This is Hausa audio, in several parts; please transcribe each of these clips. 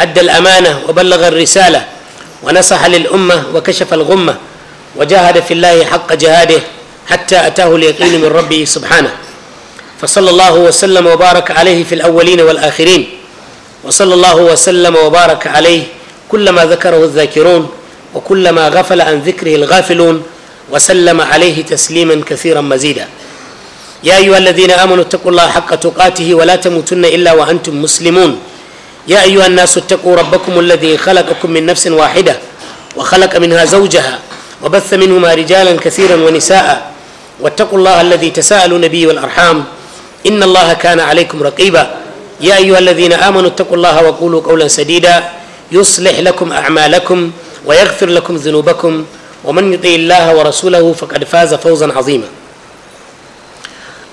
أدى الأمانة وبلغ الرسالة ونصح للأمة وكشف الغمة وجاهد في الله حق جهاده حتى أتاه اليقين من ربه سبحانه فصلى الله وسلم وبارك عليه في الأولين والآخرين وصلى الله وسلم وبارك عليه كلما ذكره الذاكرون وكلما غفل عن ذكره الغافلون وسلم عليه تسليما كثيرا مزيدا يا أيها الذين آمنوا اتقوا الله حق تقاته ولا تموتن إلا وأنتم مسلمون يا أيها الناس اتقوا ربكم الذي خلقكم من نفس واحدة وخلق منها زوجها وبث منهما رجالا كثيرا ونساء واتقوا الله الذي تساءلوا نبي والأرحام إن الله كان عليكم رقيبا يا أيها الذين آمنوا اتقوا الله وقولوا قولا سديدا يصلح لكم أعمالكم ويغفر لكم ذنوبكم ومن يطيع الله ورسوله فقد فاز فوزا عظيما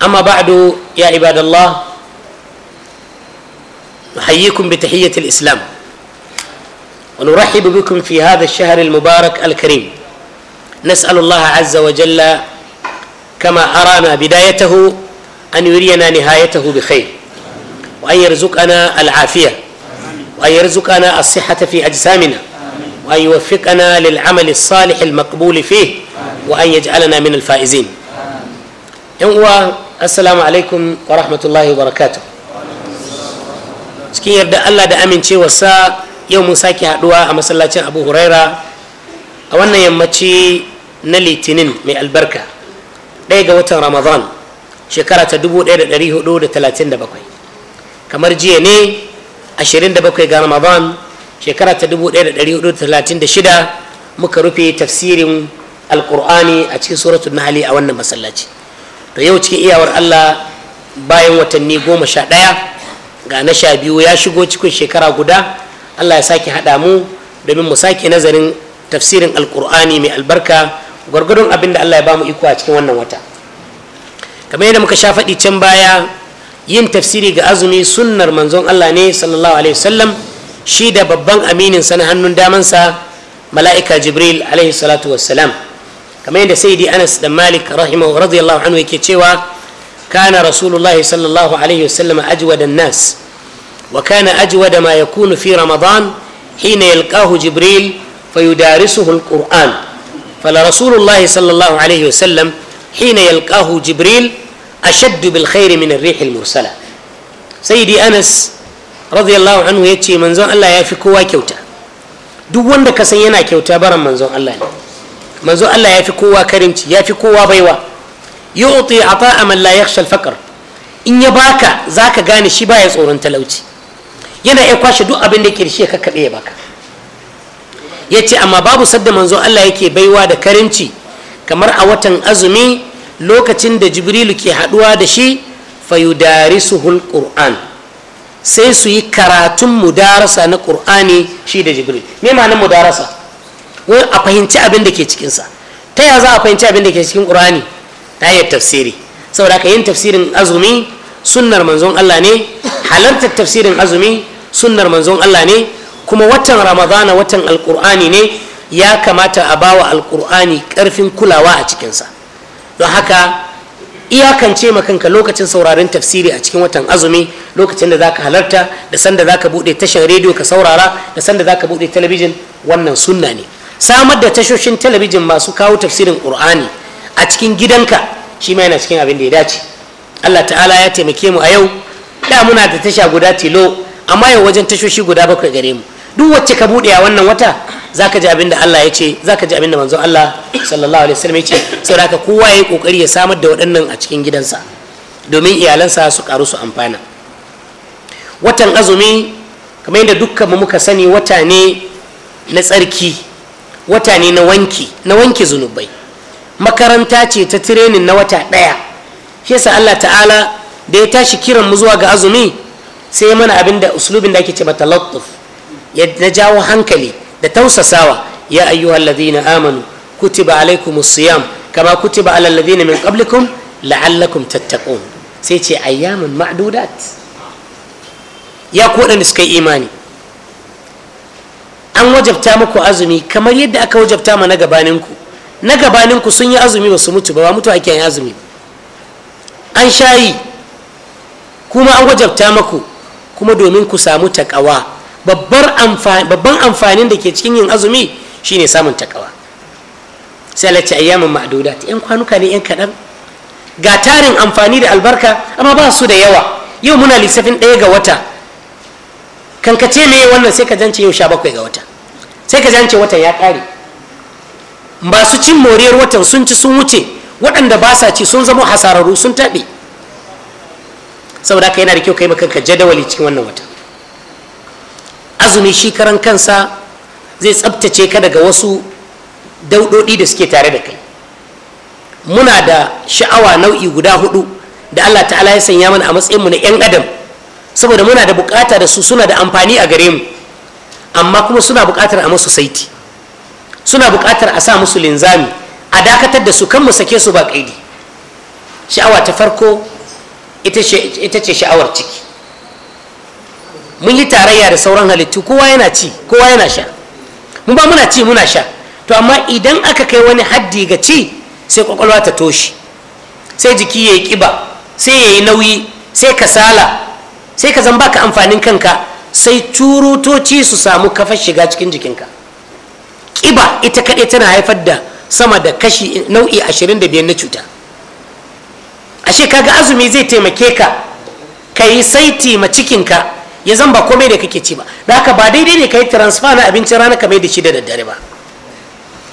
أما بعد يا عباد الله نحييكم بتحية الإسلام ونرحب بكم في هذا الشهر المبارك الكريم نسأل الله عز وجل كما أرانا بدايته أن يرينا نهايته بخير وأن يرزقنا العافية وأن يرزقنا الصحة في أجسامنا وأن يوفقنا للعمل الصالح المقبول فيه وأن يجعلنا من الفائزين يوم السلام عليكم ورحمة الله وبركاته cikin yarda Allah da amincewarsa yau mun sake haɗuwa a masallacin Abu Huraira a wannan yammaci na Litinin mai albarka ɗaya ga watan Ramadan shekara ta 1437 kamar jiya ne 27 ga Ramadan shekara ta 1436 muka rufe tafsirin alkur'ani a cikin suratul hali a wannan masallaci to yau cikin iyawar Allah bayan watanni goma sha ɗaya ga na sha biyu ya shigo cikin shekara guda allah ya sake haɗa mu domin mu sake nazarin tafsirin alkur'ani mai albarka gwargwadon abin da allah ya ba mu iko a cikin wannan wata kamar yadda muka sha faɗi can baya yin tafsiri ga azumi sunnar manzon allah ne sallallahu alaihi wasallam shi da babban aminin sa na hannun damansa mala'ika jibril alaihi salatu wassalam kamar yadda sayyidi anas da malik rahimahu radiyallahu anhu yake cewa كان رسول الله صلى الله عليه وسلم اجود الناس وكان اجود ما يكون في رمضان حين يلقاه جبريل فيدارسه القران فلرسول الله صلى الله عليه وسلم حين يلقاه جبريل اشد بالخير من الريح المرسله سيدي انس رضي الله عنه يتي منزون الله يفكوا كيوتا duk wanda ka san yana kyauta baran manzon الله يفكوا كريمتي يفكوا بيوا yu'ti ata'a man la yakhsha al in ya baka zaka gane shi baya tsoron talauci yana iya kwashe duk abin da kirshe ka kaɗe ya baka yace amma babu sadda manzo Allah yake baiwa da karimci kamar a watan azumi lokacin da jibrilu ke haduwa da shi fayudarisuhul qur'an sai su yi karatun mudarasa na qur'ani shi da jibril me ma'anar mudarasa wai a fahimci abin da ke cikinsa ta ya za a fahimci abin da ke cikin qur'ani ta yi tafsiri saboda ka yin tafsirin azumi sunnar manzon Allah ne halartar tafsirin azumi sunnar manzon Allah ne kuma watan ramadana watan alkur'ani ne ya kamata a bawa alkur'ani karfin kulawa a cikinsa don haka iyakance ma lokacin saurarin tafsiri a cikin watan azumi lokacin da zaka halarta da sanda zaka bude tashar rediyo ka saurara da sanda zaka bude talabijin wannan sunna ne samar da tashoshin talabijin masu kawo tafsirin qur'ani a cikin gidanka shi ma yana cikin abin da ya dace allah ta'ala ya taimake mu a yau da muna da tasha guda tilo amma yau wajen tashoshi guda bakwai gare mu duk wacce ka buɗe a wannan wata zaka ji abin da allah ya ce zaka ji abin da manzo allah sallallahu alaihi wasallam ya ce saboda kowa ya yi kokari ya samar da waɗannan a cikin gidansa domin iyalansa su karu su amfana watan azumi kamar yadda mu muka sani wata ne na tsarki wata ne na wanki na wanke zunubai makaranta ce ta tirenin na wata ɗaya shi yasa Allah ta'ala da ya tashi kiran mu zuwa ga azumi sai mana abin da uslubin da ake ce batalattuf ya na jawo hankali da tausasawa ya ayyuhal ladina amanu kutiba alaikumus siyam kama kutiba alal ladina min qablikum la'allakum tattaqun sai ce ayyamun ma'dudat ya ku waɗanda suka yi imani an wajabta muku azumi kamar yadda aka wajabta ma na gabaninku na gabaninku sun yi azumi ba su mutu ba ba mutu ake yin azumi an shayi kuma an wajabta maku kuma domin ku samu takawa babban amfanin da ke cikin yin azumi shine samun takawa sai lati ayyamin ma'aduda ta yan kwanuka ne yan kaɗan ga tarin amfani da albarka amma ba su da yawa yau muna lissafin ɗaya ga wata kankace me wannan sai ka jance yau sha bakwai ga wata sai ka jance watan ya ƙare masu cin moriyar watan sun ci sun wuce waɗanda ba sa ci sun zama hasararru sun taɓe saboda haka yana da kyau kai makanka jadawali cikin wannan wata azumi shi karan kansa zai tsabtace ka daga wasu dauɗoɗi da suke tare da kai muna da sha'awa nau'i guda hudu da allah ta'ala ya sanya mana a matsayinmu na 'yan adam saboda muna da bukata da su suna da amfani a gare mu amma kuma suna bukatar a masu saiti suna buƙatar a sa musu linzami a dakatar da su kan mu sake su ba ƙaidi sha'awa ta farko ita ce sha'awar ciki mun yi tarayya da sauran halittu kowa yana ci kowa yana sha mun ba muna ci muna sha to amma idan aka kai wani haddi ga ci sai kwakwalwa ta toshi sai jiki ya yi ƙiba sai ya yi nauyi sai kasala sai ka zan baka amfanin kanka sai turutoci su samu kafar shiga cikin jikinka kiba ita kaɗai tana haifar da sama da kashi nau'i ashirin da biyar na cuta ashe kaga azumi zai taimake ka ka yi saiti ma cikinka ya zan ba komai da kake ci ba da haka ba daidai ne ka yi transfer na abincin rana ka mai da shi da daddare ba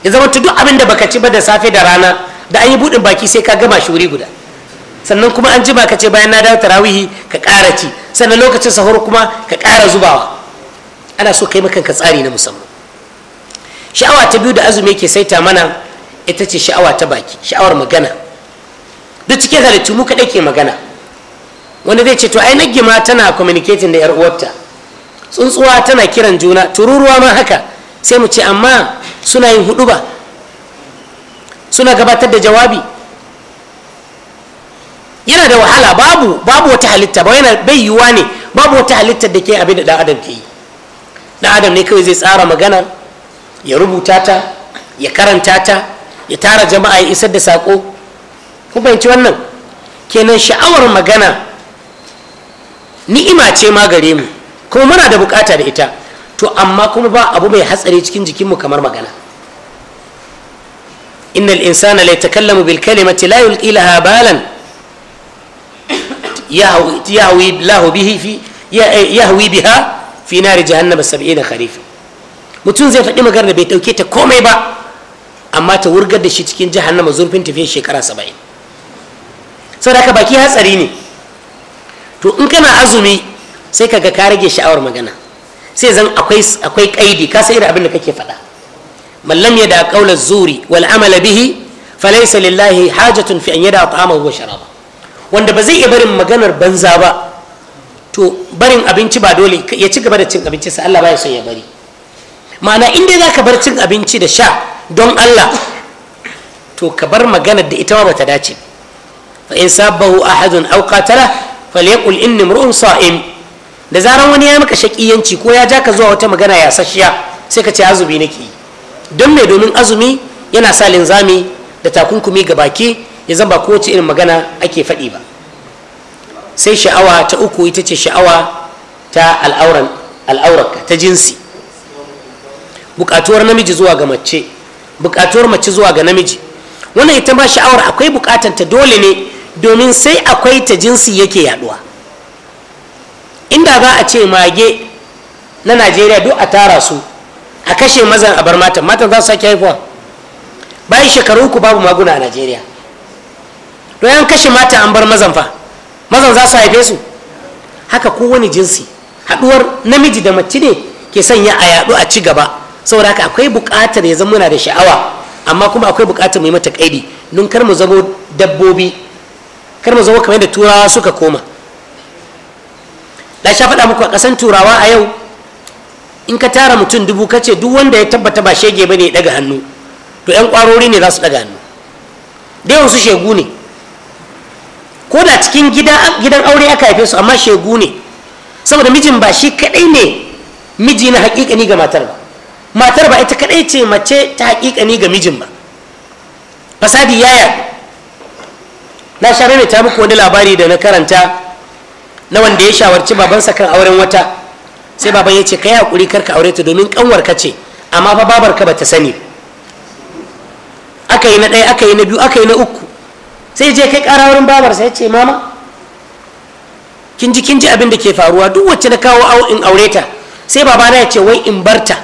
ya zama duk abin da baka ci ba da safe da rana da an yi buɗin baki sai ka gama shi wuri guda sannan kuma an jima ka ce bayan na dawo tarawihi ka ƙara ci sannan lokacin sahur kuma ka ƙara zubawa ana so kai makanka tsari na musamman sha'awa ta biyu da azumi ke saita mana ita ce sha'awa ta baki sha'awar magana duk cikin halittu mu kaɗai ke magana Wani zai ce to ai nagge ma tana communicating da 'yar uwarta tsuntsuwa tana kiran juna tururuwa ma haka sai mu ce amma suna yin hudu ba suna gabatar da jawabi yana da wahala babu babu wata halitta ba yana bai yiwuwa ne babu wata halittar da ke abin da ɗan adam ke yi Ɗan adam ne kawai zai tsara magana ya rubuta ta ya karanta ta ya tara jama'a ya isar da sako. Ku fahimci wannan kenan sha'awar magana ni'ima ce ma gare mu kuma muna da bukata da ita to amma kuma ba abu mai hatsari cikin jikinmu kamar magana innal insana la yatakallamu bil kalimati la yulqi laha balan yahwi lahu bihi fi eh, yahwi biha fi nari jahannama 70 kharifa mutum zai faɗi magana bai ɗauke ta komai ba amma ta wurgar da shi cikin jihar jahannama zurfin tafiyar shekara saba'in saboda haka baki hatsari ne to in kana azumi sai ka ga ka rage sha'awar magana sai zan akwai akwai kaidi ka sai abin da kake faɗa man lam yada qawla zuri wal amala bihi falaysa lillahi hajatun fi an yada ta'amahu wa sharaba wanda ba zai iya barin maganar banza ba to barin abinci ba dole ya ci gaba da cin abinci sai Allah ba ya son ya bari ma'ana inda za ka bar cin abinci da sha don allah to ka bar magana da ita ma bata dace fa in sabahu ahadun aw qatala falyaqul inni mar'un sa'im da zaran wani ya maka shakiyanci ko ya ja ka zuwa wata magana ya sashiya sai ka ce azumi nake don me domin azumi yana sa linzami da takunkumi ga baki ya zan ba kowace irin magana ake faɗi ba sai sha'awa ta uku ita ce sha'awa ta al'auran ta jinsi bukatuwar namiji zuwa ga mace bukatuwar mace zuwa ga namiji wannan ita ma sha'awar akwai bukatar ta dole ne domin sai akwai ta jinsi yake yaduwa inda za a ce mage na najeriya duk a tara su a kashe mazan a bar matan matan za su sake haifuwa bayan shekaru uku babu maguna a najeriya to yan kashe mata an bar mazan fa mazan za su haife su haka kowane jinsi haduwar namiji da mace ne ke sanya a yadu a ci gaba saboda haka akwai bukatar ya zama muna da sha'awa amma kuma akwai bukatar mu yi mata kaidi don kar mu zamo dabbobi kar mu zamo kamar da turawa suka koma da sha faɗa muku a ƙasan turawa a yau in ka tara mutum dubu ka ce duk wanda ya tabbata ba shege ba ne ya ɗaga hannu to 'yan kwarori ne za su ɗaga hannu da yawan su shegu ne ko da cikin gidan aure aka haife su amma shegu ne saboda mijin ba shi kaɗai ne miji na haƙiƙani ga matar ba matar ba ita kadai ce mace ta hakika ni ga mijin ba fasadi ya yaɗu na sha mai ta muku wani labari da na karanta na wanda ya shawarci babansa kan auren wata sai baban ya ce ka yi hakuri karka aure ta domin kanwar ka ce amma fa babar ka bata sani aka yi na ɗaya aka yi na biyu aka yi na uku sai je kai ƙara wurin babar sai ce mama kin ji kin ji abin da ke faruwa duk wacce na kawo in aure ta sai babana ya ce wai in barta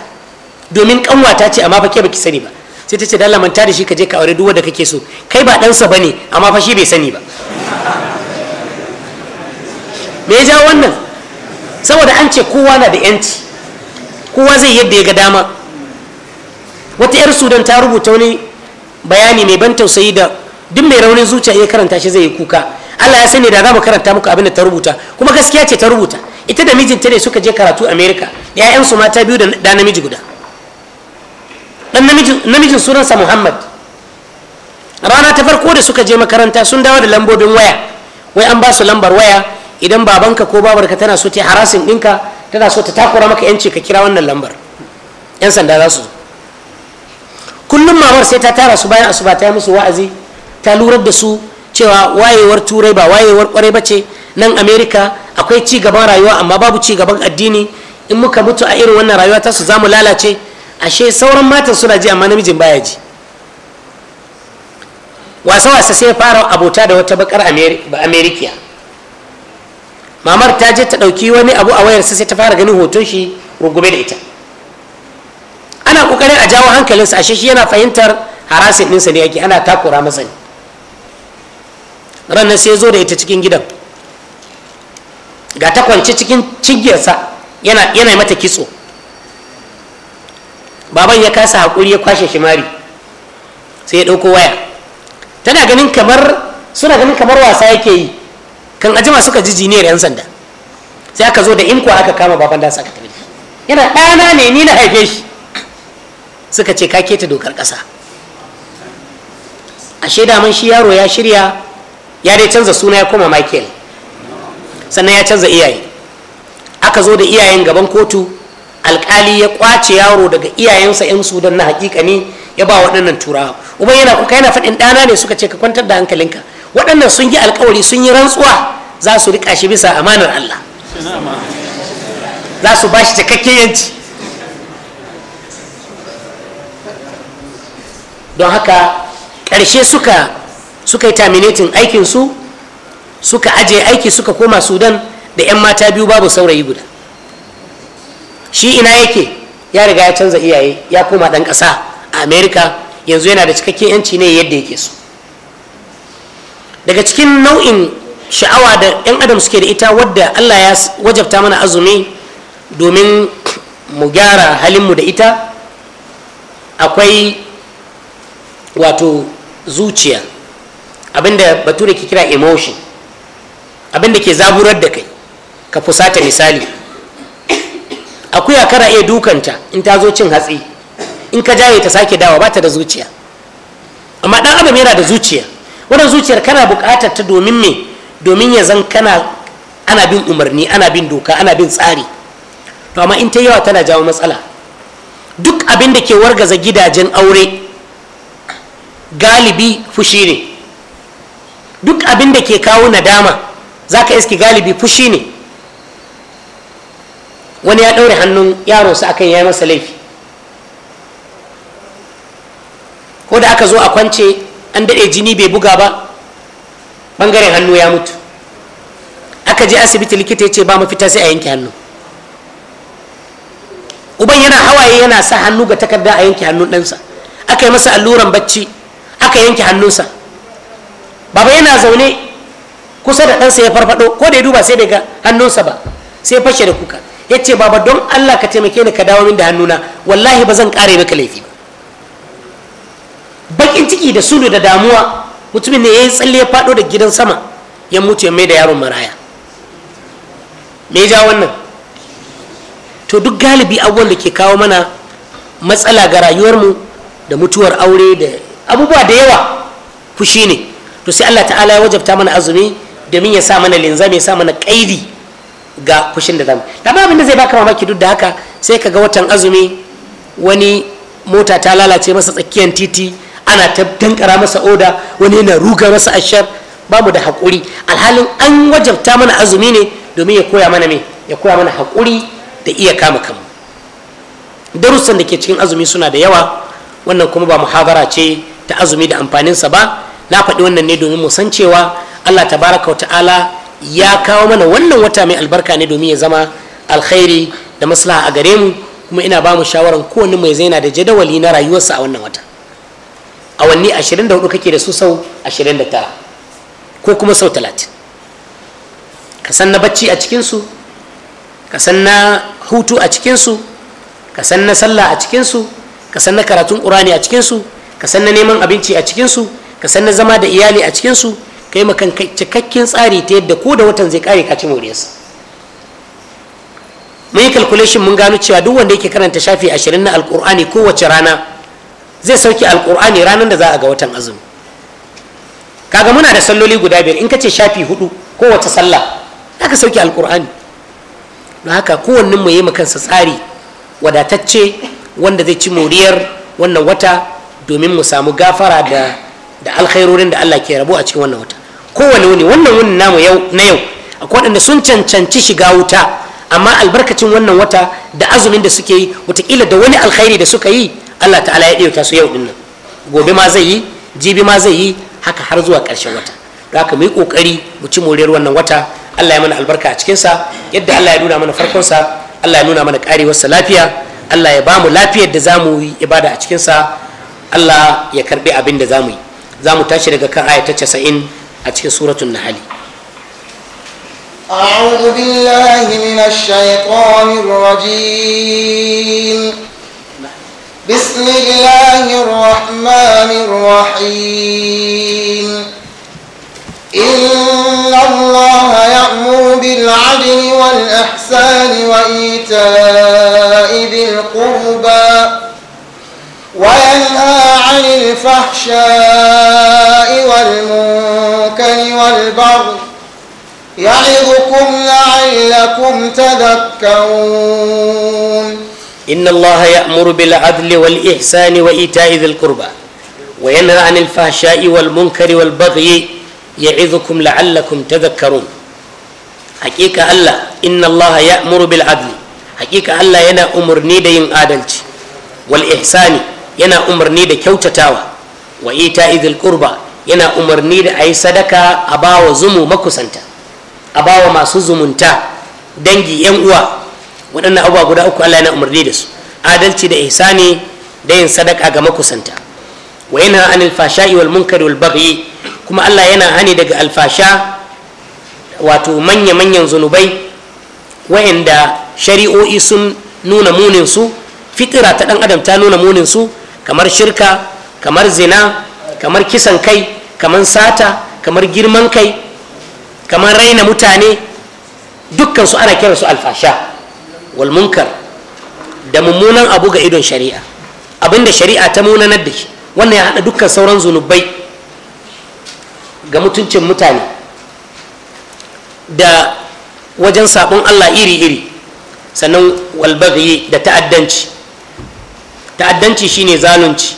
domin kanwata ce amma fa ke baki sani ba sai ta ce da Allah manta da shi ka je ka aure duk wanda kake so kai ba sa bane amma fa shi bai sani ba me ya jawo wannan saboda an ce kowa na da yanci kowa zai yadda ya ga dama wata 'yar sudan ta rubuta wani bayani mai ban tausayi da duk mai raunin zuciya ya karanta shi zai yi kuka allah ya sani da za mu karanta muku abin da ta rubuta kuma gaskiya ce ta rubuta ita da mijinta ne suka je karatu america yayan 'ya'yansu mata biyu da namiji guda dan namijin sunansa muhammad rana ta farko da suka je makaranta sun dawo da lambobin waya wai an ba su lambar waya idan babanka ko babarka tana so ta harasin ɗinka tana so ta takura maka yanci ka kira wannan lambar yan sanda za su kullum mamar sai ta tara su bayan asuba ta yi musu wa'azi ta lurar da su cewa wayewar turai ba wayewar kwarai bace nan america akwai ci gaban rayuwa amma babu ci gaban addini in muka mutu a irin wannan rayuwa ta su mu lalace ashe sauran matan suna ji amma namijin baya ji wasa-wasa sai fara abota da wata bakar amerikiya mamar ta je ta ɗauki wani abu a wayarsa sai ta fara ganin hoton shi rugube da ita ana ƙoƙarin a jawo hankalinsa ashe shi yana fahimtar harasin ɗinsa ne yake ana takura masa ne ranar sai zo da ita cikin gidan ga ta kwance cikin cigiyarsa yana mata kitso baban ya kasa hakuri ya kwashe shi mari sai ya ɗauko waya tana ganin kamar suna ganin kamar wasa yake yi kan ajima suka ji jiniyar 'yan sanda sai aka zo da inko aka kama baban da aka tafi yana ɗana ne ni na haife shi suka ce ka keta dokar ƙasa ashe damar shi yaro ya shirya ya dai canza suna ya koma michael sannan ya canza iyaye aka zo da iyayen gaban kotu alkali ya kwace yaro daga iyayensa yan sudan na hakika ne ya ba waɗannan turawa uban yana kuka yana faɗin ɗana ne suka ce ka kwantar da hankalinka waɗannan sun yi alkawari sun yi rantsuwa za su riƙa shi bisa amanar allah za su ba shi cikakken yanci don haka ƙarshe suka suka yi terminating aikinsu suka ajiye aiki suka koma sudan da 'yan mata biyu babu saurayi guda shi ina yake ya riga ya canza iyaye ya koma ɗan ƙasa a amerika yanzu yana da cikakken yanci ne yadda yake so daga cikin nau'in sha'awa da 'yan adam suke da ita wadda allah ya wajabta mana azumi domin mu gyara halinmu da ita akwai wato zuciya abinda bature ke kira emotion abinda ke zaburar da kai ka fusata misali akuya kana iya dukanta in ta zo cin hatsi in ka jaye ta sake dawa ba ta da zuciya amma dan adam yana da zuciya wannan zuciyar kana buƙatar ta domin me domin ya zan kana ana bin umarni ana bin doka ana bin tsari to amma in ta yawa tana jawo matsala duk abin da ke wargaza gidajen aure galibi fushi ne duk abin da ke kawo nadama zaka iski galibi fushi ne wani ya ɗaure hannun yaro su akan ya yi masa laifi ko da aka zo a kwance an daɗe jini bai buga ba ɓangaren hannu ya mutu aka je asibiti likita ya ce ba mafita sai a yanke hannu uban yana hawaye yana sa hannu ga takarda a yanke hannun ɗansa aka yi masa alluran bacci aka yanke hannunsa baba yana zaune kusa da ɗansa ya farfaɗo ko da ya duba sai daga hannunsa ba sai fashe da kuka ya ce baba don allah ka taimake ni ka dawo min da hannuna wallahi ba zan kare maka laifi ba bakin ciki da sulu da damuwa mutumin ne ya yi tsalle ya fado da gidan sama ya mutu ya mai da yaron maraya me ja wannan to duk galibi abubuwan da ke kawo mana matsala ga rayuwarmu da mutuwar aure da abubuwa da yawa fushi ne to sai allah ta'ala ya wajabta mana azumi domin ya sa mana linzami ya sa mana kaidi ga fushin da zamu da ba da zai baka mamaki duk da haka sai ka ga watan azumi wani mota ta lalace masa tsakiyar titi ana ta dankara masa oda wani yana ruga masa ashar babu da haƙuri alhalin an wajabta mana azumi ne domin ya koya mana me ya koya mana haƙuri da iya kama kanmu darussan da ke cikin azumi suna da yawa wannan kuma ba muhabara ce ta azumi da amfaninsa ba na faɗi wannan ne domin mu san cewa allah tabaraka wa ta'ala ya kawo mana wannan wata mai albarka ne domin ya zama alkhairi da maslaha a gare mu kuma ina ba mu shawaran kowane mai zaina da jadawali na rayuwarsa a wannan wata awanni 24 kake da su sau 29 ko kuma sau 30 ka san na bacci a cikinsu ka san na hutu a cikinsu ka san na sallah a cikinsu ka san na karatun ƙurani a cikinsu ka san na neman abinci a cikinsu ka san na zama da iyali a cikinsu kai makan cikakken tsari ta yadda ko da watan zai kare ka ci moriyarsa mun yi calculation mun gano cewa duk wanda yake karanta shafi ashirin na alkur'ani kowace rana zai sauke alkur'ani ranar da za a ga watan azumi kaga muna da salloli guda biyar in ka ce shafi hudu kowace sallah ka sauke alkur'ani don haka kowannen mu yi kansa tsari wadatacce wanda zai ci moriyar wannan wata domin mu samu gafara da da alkhairorin da Allah ke rabo a cikin wannan wata kowane wuni wannan wuni namu na yau akwai waɗanda sun cancanci shiga wuta amma albarkacin wannan wata da azumin da suke yi watakila da wani alkhairi da suka yi allah ta'ala ya ɗauka su yau ɗin nan gobe ma zai yi jibi ma zai yi haka har zuwa ƙarshen wata da haka mu yi ƙoƙari mu ci moriyar wannan wata allah ya mana albarka a cikinsa yadda allah ya nuna mana farkonsa allah ya nuna mana ƙarewarsa lafiya allah ya ba mu lafiyar da za mu yi ibada a cikinsa allah ya karɓi abin da za mu yi za mu tashi daga kan aya ta casa'in أتكي سورة النحل أعوذ بالله من الشيطان الرجيم بسم الله الرحمن الرحيم إن الله يأمر بالعدل والإحسان وإيتاء ذي القربى وينهى عن الفحشاء والمنكر والبر يعظكم لعلكم تذكرون إن الله يأمر بالعدل والإحسان وإيتاء ذي القربى وينهى عن الفحشاء والمنكر والبغي يعظكم لعلكم تذكرون حقيقة الله إن الله يأمر بالعدل حقيقة الله ينا أمر نيدا ين آدلتي والإحسان ينا أمر نيدا كوتتاوى وإيتاء ذي القربى yana umarni da a yi sadaka a ba wa zumu makusanta a ba wa masu zumunta dangi yan uwa waɗannan abubuwa guda uku allah yana umarni da su adalci da ihsani da yin sadaka ga makusanta wa yana an alfasha wal munkari wal baghi kuma allah yana hani daga alfasha wato manya-manyan zunubai wa'anda shari'o'i sun nuna munin su fitira ta dan adam ta nuna munin su kamar shirka kamar zina kamar kisan kai kamar sata kamar girman kai kamar raina mutane dukkan su ana kiransu alfasha wal da mummunan abu ga idon shari'a abinda shari'a ta munanar da shi wannan ya hada dukkan sauran zunubai ga mutuncin mutane da wajen sabon Allah iri-iri sannan walbaghi da ta'addanci ta'addanci shine zalunci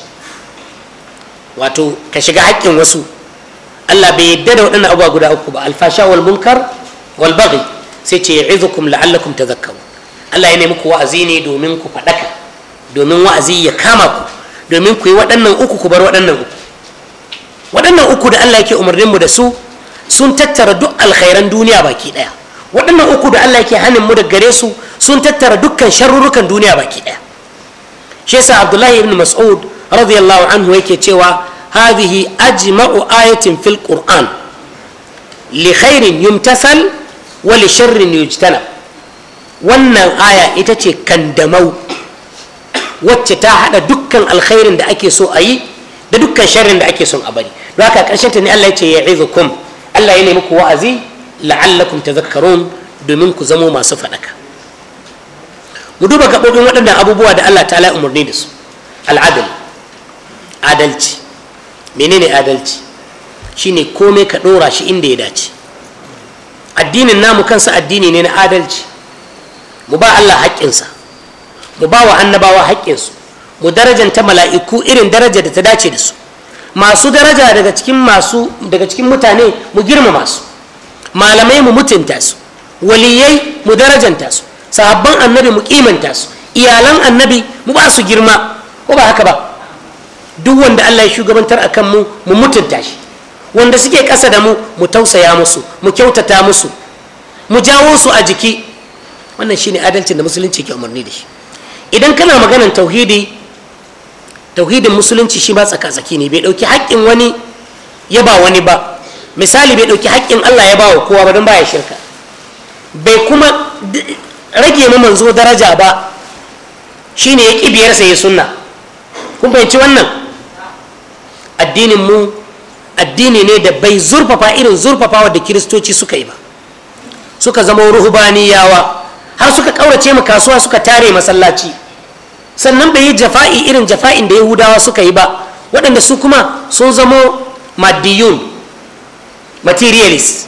wato ka shiga haƙƙin wasu Allah bai yadda da waɗannan abubuwa guda uku ba alfasha wal munkar wal baghi sai ce ya'izukum la'allakum tadhakkaru Allah ya nemi ku wa'azi ne domin ku faɗaka domin wa'azi ya kama ku domin ku yi waɗannan uku ku bar waɗannan uku waɗannan uku da Allah yake umarnin mu da su sun tattara duk alkhairan duniya baki ɗaya waɗannan uku da Allah yake hanin mu da gare su sun tattara dukkan sharrurukan duniya baki ɗaya shi yasa Abdullahi ibn Mas'ud radiyallahu anhu yake cewa hadhihi ajma'u ayatin fil qur'an li khairin yumtasal wa li wannan aya ita ce kandamau wacce ta hada dukkan alkhairin da ake so a yi da dukkan sharrin da ake son a bari don haka ta ne Allah ya ce ya'izukum Allah ya nemi ku wa'azi la'allakum tadhakkarun domin ku zamo masu fadaka mu duba gaɓoɓin waɗannan abubuwa da Allah ta umarni da su al'adal adalci menene adalci shine komai ka ɗora shi inda ya dace addinin namu kansa addini ne na adalci mu ba Allah haƙƙinsa mu ba wa annabawa haƙƙinsu mu darajanta mala'iku irin daraja da ta dace da su masu daraja daga cikin mutane mu girmama su malamai mu mutunta su waliyai mu darajanta su sahabban annabi mu kimanta su iyalan annabi mu ba su girma ko ba haka ba duk wanda Allah ya shugabantar a kanmu mu mutunta shi wanda suke ƙasa da mu mu tausaya musu mu kyautata musu mu jawo su a jiki wannan shine adalcin da musulunci ke umarni da shi idan kana maganan tauhidi tauhidin musulunci shi ba tsaka-tsaki ne bai ɗauki haƙƙin wani ya ba wani ba misali bai ɗauki haƙƙin Allah ya ba wa kowa ba don baya shirka bai kuma rage ma manzo daraja ba shine ya ƙi biyar ya sunna kun fahimci wannan addinin mu addini ne da bai zurfafa irin zurfafawa da kiristoci suka yi ba suka zama ruhubaniyawa har suka kaurace mu kasuwa suka tare masallaci sannan bai yi jafa'i irin jafa'in da yahudawa suka yi ba waɗanda su kuma sun zamo madiyun materialist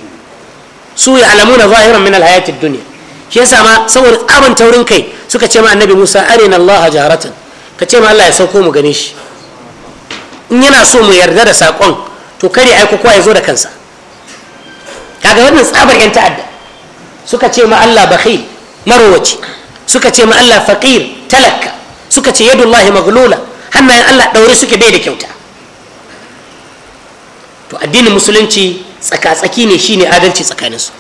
su ya alamu na zahiran min alhayatid duniya shi yasa ma saboda tsaban taurin kai suka ce ma annabi musa arina allah jaharatan ka ce ma allah ya sauko mu gane shi in yana so mu yarda da saƙon to kare aiko kowa ya zo da kansa kaga wannan tsabar yan ta'adda suka ce ma Allah bakhil marowaci suka ce ma Allah faqir talaka suka ce yadullahi maglula hannayen Allah daure suke bai da kyauta to addinin musulunci tsaka-tsaki ne shine adalci tsakaninsu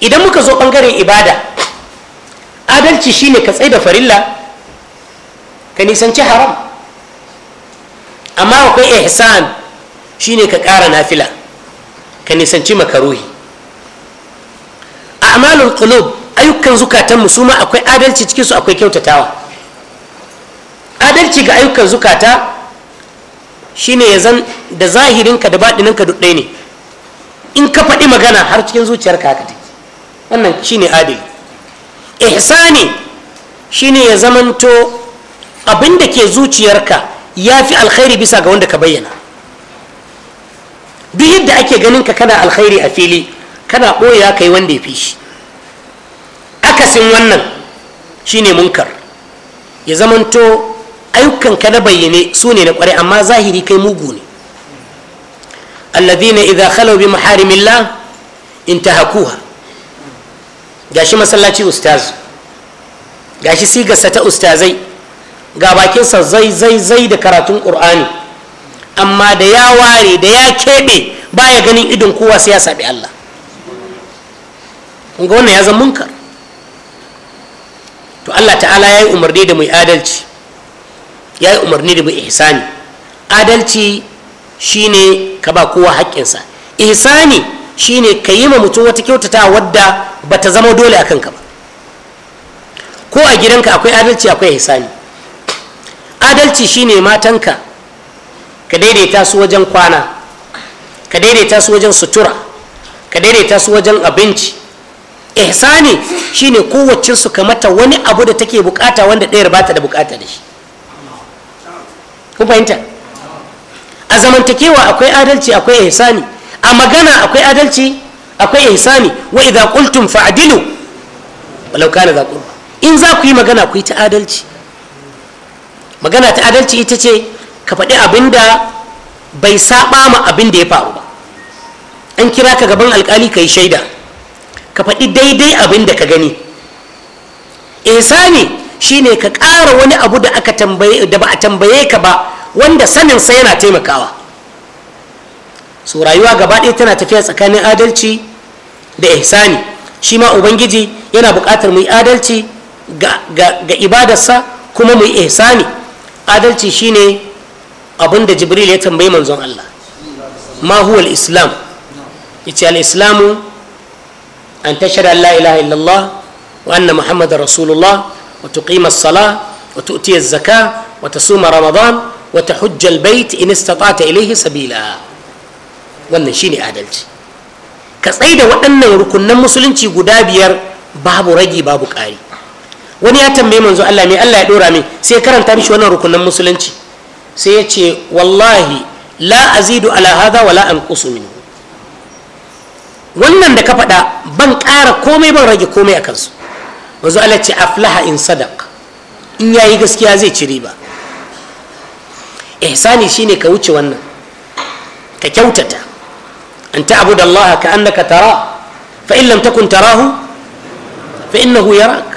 idan muka zo bangaren ibada adalci shine ka tsaye da farilla ka nisanci haram amma akwai ihsan shine ka ƙara nafila ka nisanci makaruhi a amalul qulub ayyukan zukatanmu su akwai adalci cikin su akwai kyautatawa adalci ga ayyukan zukata shine ya zan da zahirinka da baɗininka duk ɗaya ne in ka faɗi magana har cikin zuciyarka haka take wannan shine adali ihsani shine ya zamanto abin da ke zuciyarka ya fi alkhairi bisa ga wanda ka bayyana duk yadda ake ganin ka kana alkhairi a fili kana ɓoya yi wanda ya fi shi akasin wannan shine munkar ya zamanto ayyukanka na bayyane su ne na ƙware amma zahiri kai mugu ne الذين idza khalu bi الله intahakuha gashi masallaci ustaz gashi sigarsa ta ustazai ga bakinsa zai zai zai da karatun ƙur'ani amma da ya ware da ya keɓe baya ganin idon kowa sai ya saɓi Allah ga wannan ya zan munkar to Allah ta'ala ya yi umarni da mai adalci ya umarni da mai ihsani adalci shine ka ba kowa haƙƙinsa ihsani shine ka yi ma mutum wata kyautata wadda bata zama dole a kanka ba ko a gidanka akwai adalci akwai ihsani adalci shine matanka ka daidaita su wajen kwana ka daidaita su wajen sutura ka daidaita su wajen abinci ihsani shine kowace su kamata wani abu da take bukata wanda ɗayar ba ta da bukata da shi ku fahimta a zamantakewa akwai adalci akwai ihsani a magana akwai adalci akwai ihsani wa idza qultum fa'dilu walau kana za in za ku yi magana ku yi ta adalci magana ta adalci ita ce ka faɗi abin da bai saɓa ma abin da ya faru ba an kira ka gaban alkali ka yi shaida ka faɗi daidai abin da ka gani ihsani shine ka ƙara wani abu da ba a tambaye ka ba wanda sanin saninsa yana taimakawa su rayuwa gaba ɗaya tana tafiya tsakanin adalci da ihsani shi ma ubangiji yana buƙatar mu yi adalci ga, ibadarsa kuma mu yi ihsani adalci shine abin da jibril ya tambayi manzon Allah ma huwa islam yace al-islamu an tashhadu an la ilaha illallah wa anna muhammadar rasulullah wa tuqima as-salah wa tu'ti az-zakah wa tasuma ramadan wa tahujja al-bayt in istata'ta ilayhi sabila wannan shine adalci ka tsaida waɗannan rukunan musulunci guda biyar babu ragi babu ƙari wani ya tambaye manzo Allah me Allah ya dora mai sai karanta mishi wannan rukunin musulunci sai ya ce wallahi la azidu ala hadha wala anqusu minhu wannan da ka faɗa ban ƙara komai ban rage komai a kansu manzo Allah ce aflaha in sadaq in yayi gaskiya zai ci riba ihsani shine ka wuce wannan ka kyautata an ta'budallaha ka annaka tara fa in lam takun tarahu fa innahu yarak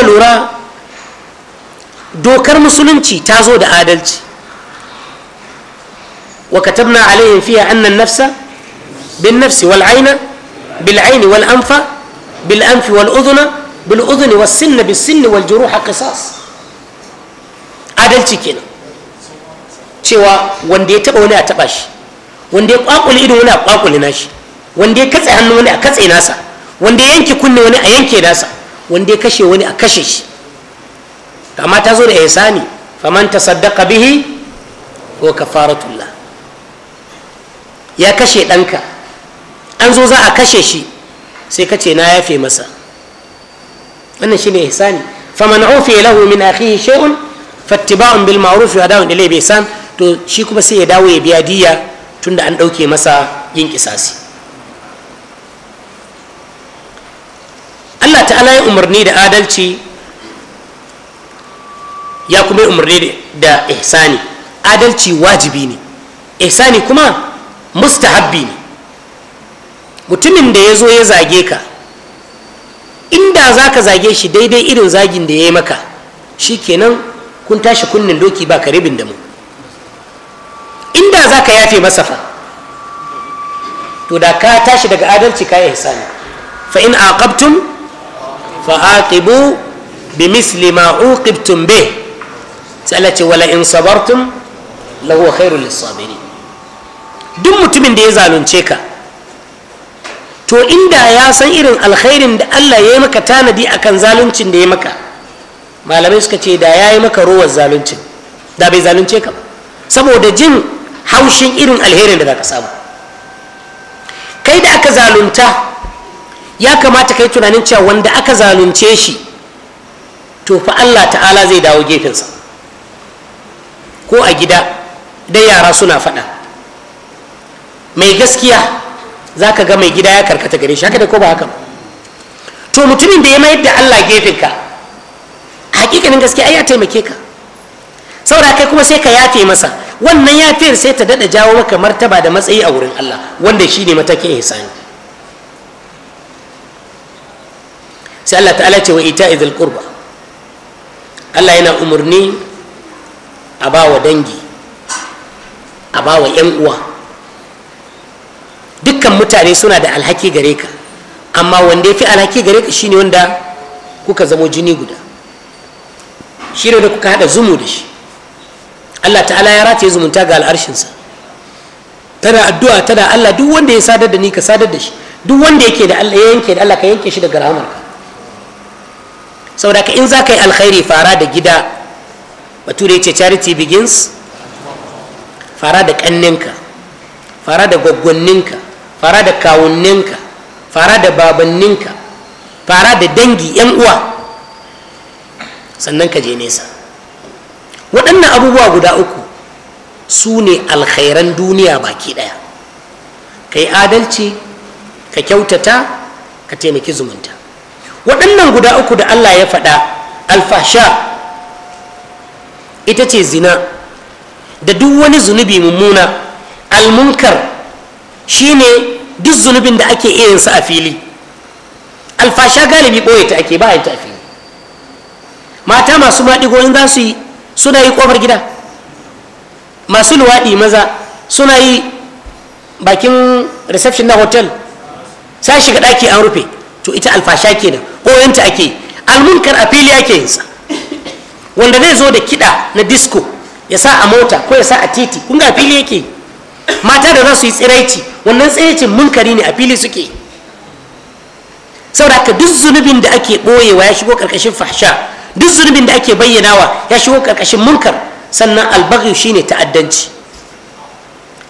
ka lura dokar musulunci ta zo da adalci wa katabna alaihim fiha anna nafsa bin nafsi wal aina bil aini wal anfa bil anfi wal udhuna bil udhuni was sinna bis sinni wal juruha qisas adalci kenan cewa wanda ya taba wani a taba shi wanda ya kwakule ido wani a kwakule nashi wanda ya katse hannu wani a katse nasa wanda ya yanke kunne wani a yanke nasa wanda ya kashe wani a kashe shi amma ta zo da ihsani faman tasaddaqa bihi ko kafaratullah ya kashe ɗanka an zo za a kashe shi sai ka ce na yafe masa wannan shine ihsani faman ufiya lahu min akhihi shay'un fattiba'un bil ma'ruf wa da'un ilayhi bi to shi kuma sai ya dawo ya biya diya tunda an ɗauke masa yin kisasi Allah ta'ala ya umarni da adalci ya kuma umarni da ihsani adalci wajibi ne ihsani kuma mustahabbi ne mutumin da ya zo ya zage ka inda za ka zage shi daidai irin zagin da ya yi maka shi kenan kun tashi kunnen doki ba ka ribin da mu inda za ka yafe masa fa to da ka tashi daga adalci ka yi ihsani fa in aqabtum fa'aqibu bi misli ma uqibtum bih sai Allah wala in sabartum lahu khairul lisabirin duk mutumin da ya zalunce ka to inda ya san irin alkhairin da Allah ya yi maka tanadi akan zaluncin da ya maka malamai suka ce da ya yi maka rowar zaluncin da bai zalunce ka ba saboda jin haushin irin alherin da za ka samu kai da aka zalunta ya kamata kai tunanin cewa wanda aka zalunce shi to fa Allah ta'ala zai dawo gefensa ko a gida dai yara suna faɗa mai gaskiya za ka ga mai gida ya karkata gare shi haka da ko ba haka to mutumin da ya mayar da Allah gefenka hakikanin gaskiya ai ya taimake ka saboda kai kuma sai ka yafe masa wannan yafiyar sai ta dada jawo maka martaba da matsayi a wurin Allah wanda shine matakin ihsani sai Allah ta'ala ce wa ita idil qurba Allah yana umarni a ba wa dangi a ba wa 'yan uwa dukkan mutane suna da alhaki gare ka amma wanda ya fi alhaki gare ka shine wanda kuka zamo jini guda shi ne da kuka haɗa zumu da shi allah ta'ala ya rataye zumunta ga al'arshinsa tana addu'a tana allah duk wanda ya sadar da ni ka sadar da shi duk wanda yake da allah ya yanke da allah ka yanke shi daga rahamarka saboda ka in za ka yi alkhairi fara da gida bature ce charity begins fara da ƙanninka fara da gwaggwanninka fara da kawunninka fara da babanninka fara da dangi yan uwa sannan ka je nesa waɗannan abubuwa guda uku su ne alkhairan duniya baki ɗaya ka yi adalci ka kyautata ka taimaki zumunta waɗannan guda uku da allah ya faɗa alfasha ita ce zina da duk wani zunubi mummuna almunkar shine duk zunubin da ake iya yinsa a fili alfasha galibi ɓoye ta ake bayan ta fili mata masu maɗigo in za su yi suna yi ƙofar gida masu luwaɗi maza suna yi bakin reception na hotel sai shiga ɗaki an rufe to ita alfasha kenan koyanta ake almunkar a fili ake yin wanda zai zo da kiɗa na disko ya sa a mota ko ya sa a titi kun ga fili yake mata da za su yi tsiraici wannan tsiraicin munkari ne a fili suke saboda haka duk zunubin da ake ɓoyewa ya shigo ƙarƙashin fahsha duk zunubin da ake bayyanawa ya shigo karkashin munkar sannan albaghi shine ta'addanci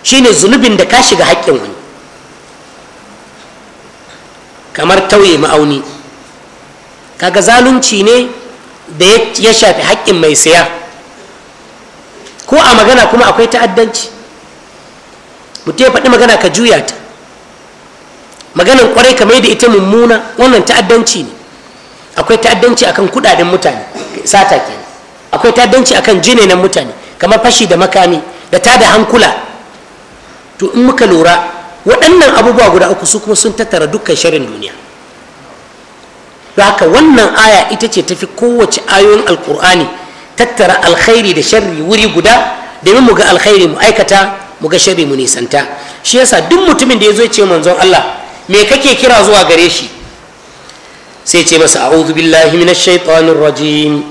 shine zunubin da ka shiga haƙƙin wani kamar tauye ma'auni kaga zalunci ne da ya shafi haƙƙin mai siya ko a magana kuma akwai ta'addanci mutum ya faɗi magana ka juya ta maganan kwarai ka da ita mummuna wannan ta'addanci ne akwai ta'addanci akan kuɗaɗen mutane sata ke akwai ta'addanci akan jinenan mutane kamar fashi da makami da ta da hankula to in muka lura waɗannan abubuwa guda uku su kuma sun tattara dukkan sharin duniya da haka wannan aya ita ce tafi kowace ayoyin alkur'ani tattara alkhairi da sharri wuri guda domin mu ga alkhairi mu aikata mu ga sharri mu nisanta shi yasa duk mutumin da ya zo ce manzon Allah me kake kira zuwa gare shi sai ce masa a'udhu billahi minash shaitanir rajim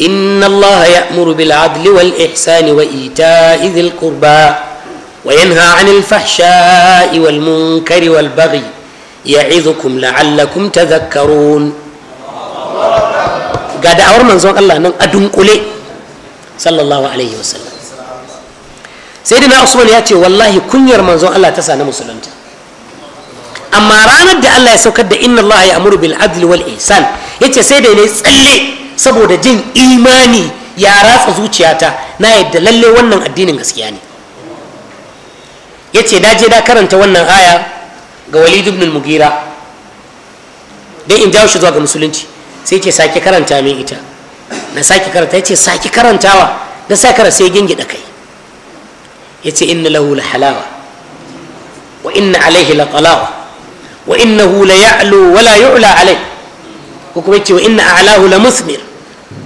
inna Allah ya'muru bil adli wal ihsani wa ita'i dhil qurba وينهى عن الفحشاء والمنكر والبغي يعظكم لعلكم تذكرون قد أور من زوج الله نن أدم قلي صلى الله عليه وسلم سيدنا عثمان ياتي والله كن ير من زوج الله تسانا مسلمته أما رانا دي الله يسوكد إن الله يأمر بالعدل والإحسان يتي سيدنا يتسلي سبو جن إيماني يا راس زوجياتا نا يدلل ونن الدين غسياني yace na je da karanta wannan aya ga Walid ibn Mugira dan in jawo shi zuwa ga musulunci sai yace sake karanta min ita na sake karanta yace sake karantawa da sa kara sai gingida kai yace inna lahu halawa wa inna alaihi la talawa wa innahu la ya'lu wa la yu'la alai ko kuma yace wa inna a'lahu la musmir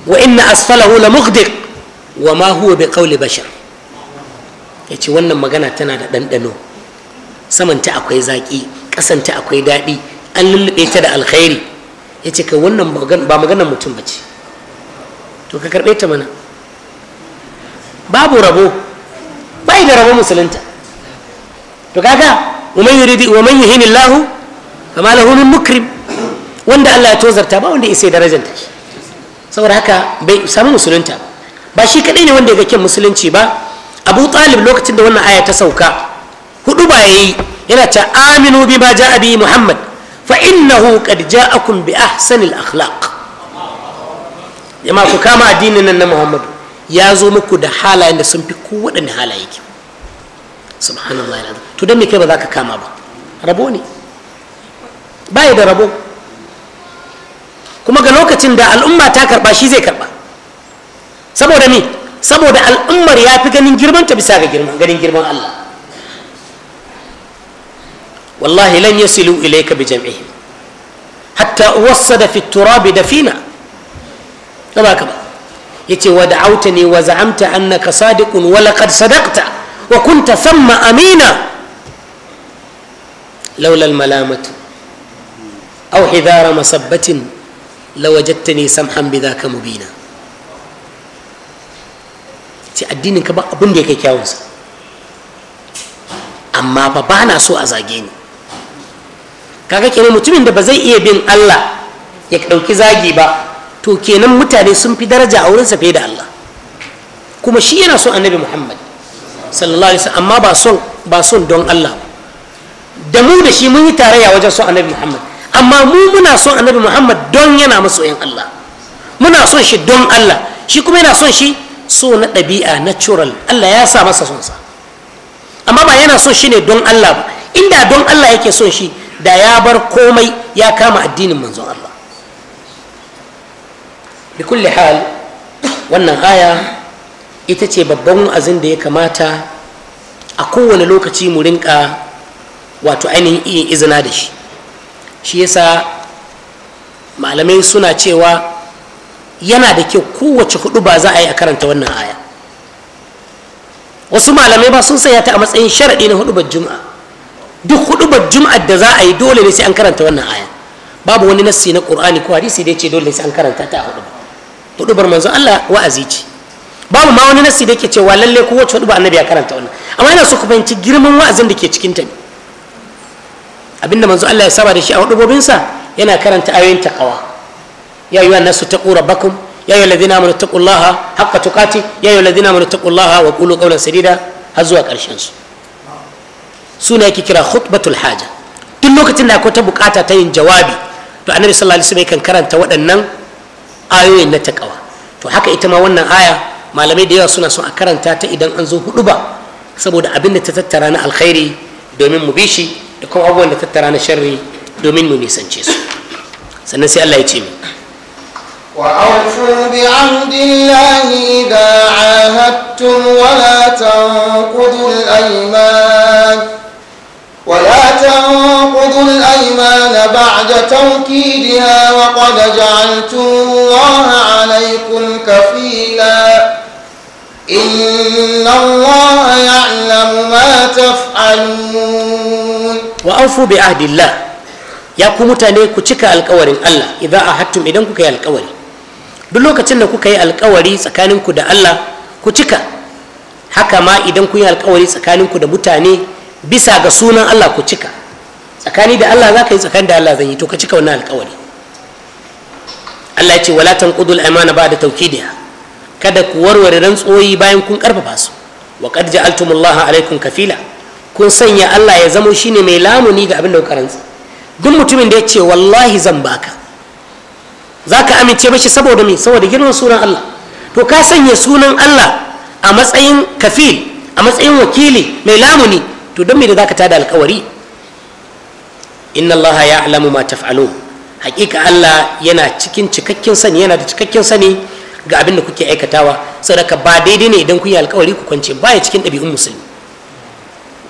wa inna asfalahu la mughdiq wa ma huwa biqawli bashar ya ce wannan magana tana da ɗanɗano samanta akwai zaƙi ƙasanta akwai daɗi an lullube ta da alkhairi ya ce ka wannan ba maganar mutum ba ce to ka karɓe ta mana babu rabo bai da rabo musulunta to kaga wa man yuridi wa man yuhini Allah kama lahu min mukrim wanda Allah ya tozarta ba wanda isai darajanta shi saboda haka bai samu musulunta ba shi kadai ne wanda ya ga kyan musulunci ba abu talib lokacin da wannan aya ta sauka hudu ba yayi yana ta aminu bima ja'a bi muhammad fa innahu qad ja'akum bi ahsanil akhlaq ma ku kama addinin nan na muhammad ya zo muku da halayen da sun fi waɗanne halaye ki subhanallah alazim to dan me kai ba za ka kama ba rabo ne bai da rabo kuma ga lokacin da al'umma ta karba shi zai karba saboda ni. saboda al'ummar ya fi ganin girmanta bisa ga ganin girman Allah wallahi lan yasilu ilayka bi jam'ihim hatta uwassada fi turab dafina da ba ba yace wa da'awtani wa za'amta annaka sadiqun wa laqad sadaqta wa kunta thumma amina لولا الملامة أو حذار مسبة لوجدتني سمحا بذاك مبينا sai addinin ka ba abin da ya kai kyawunsa amma fa ba na so a zage ni kaga kenan mutumin da ba zai iya bin Allah ya ɗauki zagi ba to kenan mutane sun fi daraja a wurinsa fiye da Allah kuma shi yana son annabi Muhammad sallallahu alaihi wasallam amma ba son ba son don Allah da mu da shi mun yi tarayya wajen son annabi Muhammad amma mu muna son annabi Muhammad don yana masoyin Allah muna son shi don Allah shi kuma yana son shi so na ɗabi'a natural Allah ya sa masa sonsa amma ba yana so shi ne don Allah ba inda don Allah yake son shi da ya bar komai ya kama addinin manzon Allah bi kulli hal wannan aya ita ce babban wa'azin da ya kamata a kowane lokaci mu rinka wato ainihin iya izina da shi shi yasa malamai suna cewa yana da kyau kowace hudu ba za a yi a karanta wannan aya wasu malamai ba sun sanya ta a matsayin sharaɗi na hudubar juma'a duk hudubar juma'a da za a yi dole ne sai an karanta wannan aya babu wani nassi na qur'ani ko hadisi da ce dole ne sai an karanta ta a hudubar hudubar manzo Allah wa'azi ce babu ma wani nassi da yake cewa lalle kowace hudubar annabi ya karanta wannan amma yana so ku fahimci girman wa'azin da ke cikin ta ne abinda manzo Allah ya saba da shi a hudubobinsa yana karanta ayoyin taqwa يا أيها الناس اتقوا ربكم يا أيها الذين آمنوا اتقوا الله حق تقاته يا أيها الذين آمنوا اتقوا الله وقولوا قولا سديدا هزوا كرشنس سنة كيكرا خطبة الحاجة duk lokacin da akwai ta bukata ta yin jawabi to annabi sallallahu alaihi wasallam karanta waɗannan ayoyin na takawa to haka ita ma wannan aya malamai da yawa suna son a karanta ta idan an zo hudu ba saboda abin da ta tattara na alkhairi domin mu bishi da kuma abubuwan da tattara na sharri domin mu nisance su sannan sai Allah ya ce mu وأوفوا بعهد الله إذا عاهدتم ولا تنقضوا الأيمان ولا تنقضوا الأيمان بعد توكيدها وقد جعلتم الله عليكم كفيلا إن الله يعلم ما تفعلون وأوفوا بعهد الله يا كمتاني كتشك الكوارين الله إذا أحدتم إذا كي الكوارين duk lokacin da kuka yi alkawari tsakaninku da Allah ku cika haka ma idan kun yi alkawari tsakaninku da mutane bisa ga sunan Allah ku cika tsakani da Allah za ka yi tsakani da Allah zan yi to ka cika wannan alkawari Allah ya ce wala tanqudu al-aymana ba'da tawkidiha kada ku warware rantsoyi bayan kun karfafa su wa qad ja'altumullaha alaykum kafila kun sanya Allah ya zamo shine mai lamuni ga abin da ku karanta duk mutumin da ya ce wallahi zan baka za ka amince mashi saboda me saboda girman sunan Allah to ka sanya sunan Allah a matsayin kafil a matsayin wakili mai lamuni to don me da za ka tada alkawari inna Allah ya alamu ma taf'alun hakika Allah yana cikin cikakken sani yana da cikakken sani ga abin da kuke aikatawa sadaka ba daidai ne idan kun yi alkawari ku kwance baya cikin ɗabi'un musulmi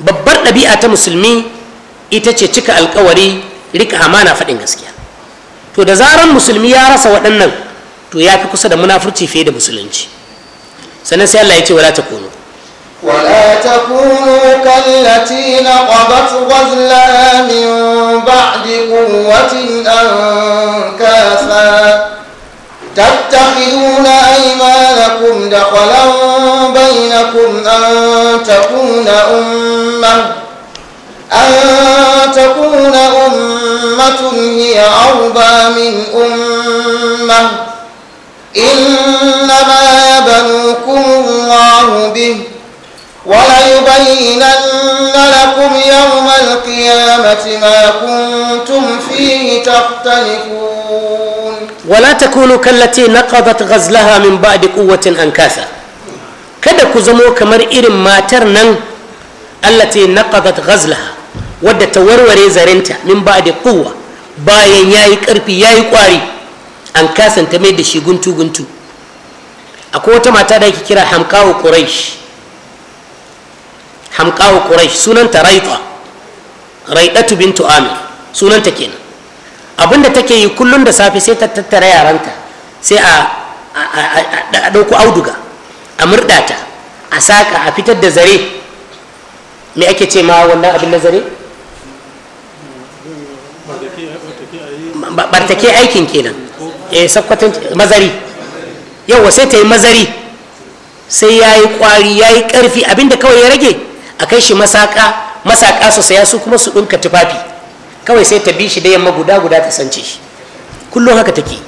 babbar ɗabi'a ta musulmi ita ce cika alkawari rika amana faɗin gaskiya to da zaran musulmi ya rasa waɗannan to ya fi kusa da munafurci fiye da musulunci sannan sai Allah ya ce wala kunu kallati na ƙwabat wazla min ba'di بعد an kasa تتخذون أيمانكم دخلا بينكم أن تكون أمة أن تكون أمة هي أربى من أمة إنما يبلوكم الله به وليبينن لكم يوم القيامة ما كنتم فيه تختلفون ولا تكونوا كالتي نقضت غزلها من بعد قوة أنكاثا كدك زموك مرئر ماترنا التي نقضت غزلها wadda ta warware zarenta min ba da kowa bayan ya yi ƙarfi ya yi ƙwari an kasanta mai da shi guntu-guntu akwai wata mata da ake kira hamkawo quraish hamkawo quraish sunanta raita raidatu bintu amir sunanta kenan abinda take yi kullum da safe sai ta tattara yaranta sai a ɗauko auduga a murɗata a saka a fitar da zare me ake ce ma wannan abin na zare bartake aikin kenan eh sakwatan mazari yawa sai ta yi mazari sai ya yi kwari ya yi karfi abinda kawai ya rage a kai shi masaka masaka su saya su kuma su dinka tufafi kawai sai ta bi shi da yamma guda guda ta sance shi kullum haka take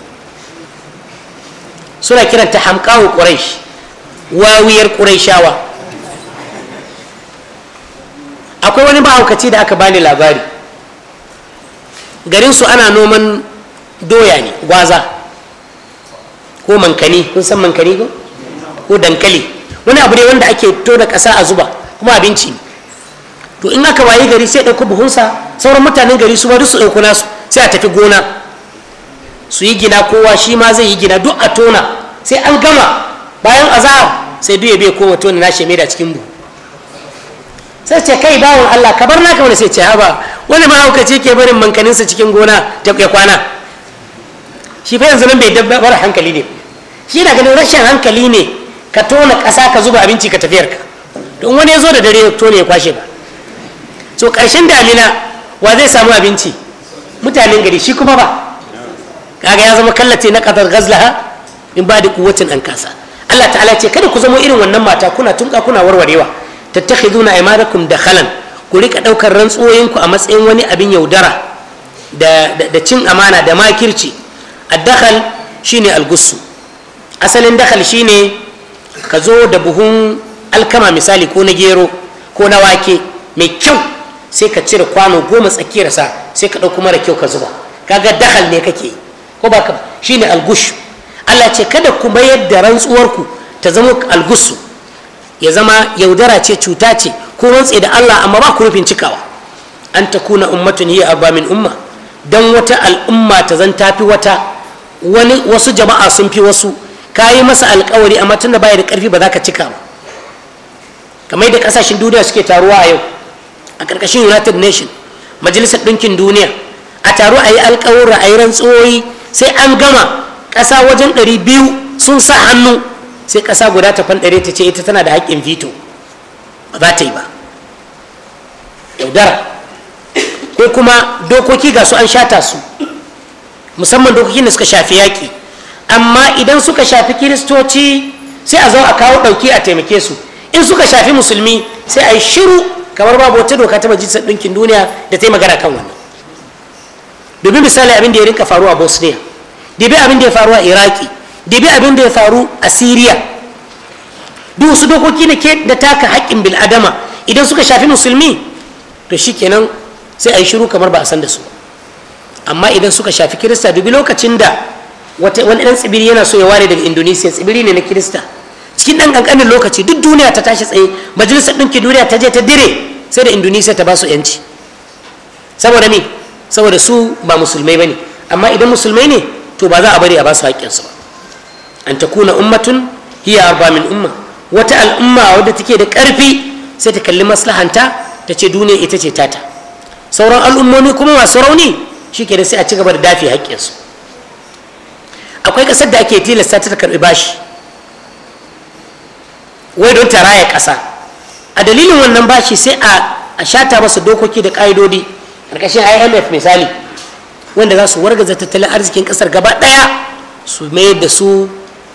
suna kiran ta hamkawu quraish wawiyar quraishawa akwai wani mahaukaci da aka bani labari garin su ana noman doya ne gwaza ko mankani kun san mankani ko ko dankali wani abu ne wanda ake to da kasa a zuba kuma abinci ne to in aka wayi gari sai ɗauko buhunsa sauran mutanen gari su ba duk su ɗauko nasu sai a tafi gona su yi gina kowa shi ma zai yi gina duk a tona sai an gama bayan azahar sai duk ya biya kowa tona nashi mai da cikin buhu sai ce kai bawon Allah ka naka wani sai ce haba wani mahaukaci ke barin mankaninsa cikin gona ta ya kwana shi fa yanzu nan bai dabbar hankali ne shi na ganin rashin hankali ne ka tona ƙasa ka zuba abinci ka tafiyar ka don wani ya zo da dare ya tone ya kwashe ba to ƙarshen damina wa zai samu abinci mutanen gari shi kuma ba kaga ya zama kallace na ƙasar gazlaha in ba da kuwatin an kasa Allah ta'ala ce kada ku zama irin wannan mata kuna tunka kuna warwarewa tattakhiduna aymanakum dakhalan ku rika ɗaukar rantsuwoyinku a matsayin wani abin yaudara da cin amana da makirci addakal shine algussu asalin dakal shine ka zo da buhun alkama misali ko na gero ko na wake mai kyau sai ka cire kwano goma tsakiyarsa sai ka ɗauko mara kyau ka zuba kaga dakal ne kake ko ba ka shine algush Allah ce kada ku mayar da rantsuwarku ta zama algussu ya zama yaudara ce cuta ce ko rantse da Allah amma ba ku rufin cikawa an takuna ummatun yi a min umma Don wata al'umma ta zan tafi wata wani wasu jama'a sun fi wasu ka yi masa alkawari amma tunda baya da karfi ba za ka cika ba kamar yadda kasashen duniya suke taruwa a yau a karkashin united nation majalisar ɗinkin duniya a taru a yi alkawar a yi rantsuwoyi sai an gama ƙasa wajen ɗari biyu sun sa hannu sai ƙasa guda ta fanɗare ta ce ita tana da haƙƙin fito ba za ta yi ba yaudara ko kuma dokoki ga su an shata su musamman dokokin da suka shafi yaƙi amma idan suka shafi kiristoci sai a zo a kawo ɗauki a taimake su in suka shafi musulmi sai a yi shiru kamar babu wata doka ta majalisar ɗinkin duniya da ta yi magana kan wannan domin misali abin da ya rinka faru a bosnia dibi abin da ya faru a iraki dibi abin da ya faru a syria duk wasu dokoki na ke da taka haƙƙin bil'adama idan suka shafi musulmi to shi kenan sai a yi shiru kamar ba a san da su amma idan suka shafi kirista dubi lokacin da wani ɗan tsibiri yana so ya ware daga indonesia tsibiri ne na kirista cikin ɗan ƙanƙanin lokaci duk duniya ta tashi tsaye majalisar ɗinkin duniya ta je ta dire sai da indonesia ta ba su yanci saboda me saboda su ba musulmai ba ne amma idan musulmai ne to ba za a bari a ba su haƙƙinsu ba an ta kuna ummatun hiya arba min umma wata al'umma wadda take da ƙarfi sai ta kalli maslahanta ta ce duniya ita ce tata sauran al'ummomi kuma masu rauni shi ke sai a ci gaba da dafi haƙƙinsu akwai ƙasar da ake tilasta ta karɓi bashi wai don tara ya ƙasa a dalilin wannan bashi sai a shata masa dokoki da ƙa'idodi ƙarƙashin imf misali wanda za su wargaza tattalin arzikin ƙasar gaba ɗaya su mayar da su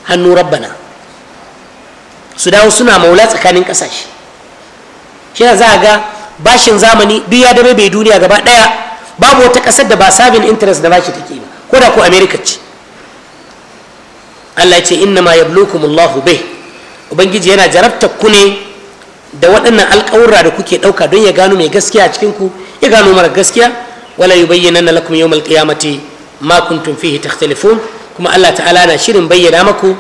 hannu rabbana su dawo suna maula tsakanin kasashe shi za a ga bashin zamani duk ya dabe bai duniya gaba daya babu wata kasar da ba sabin interest da bashi take ba ko da ko america ce allah ce inna ma yablukum mullahu bai ubangiji yana jarabta ku ne da waɗannan alƙawurra da kuke ɗauka don ya gano mai gaskiya a cikin ku ya gano mara gaskiya wala yubayyana lakum yawmal qiyamati ma kuntum fihi takhtalifun kuma allah ta'ala na shirin bayyana maku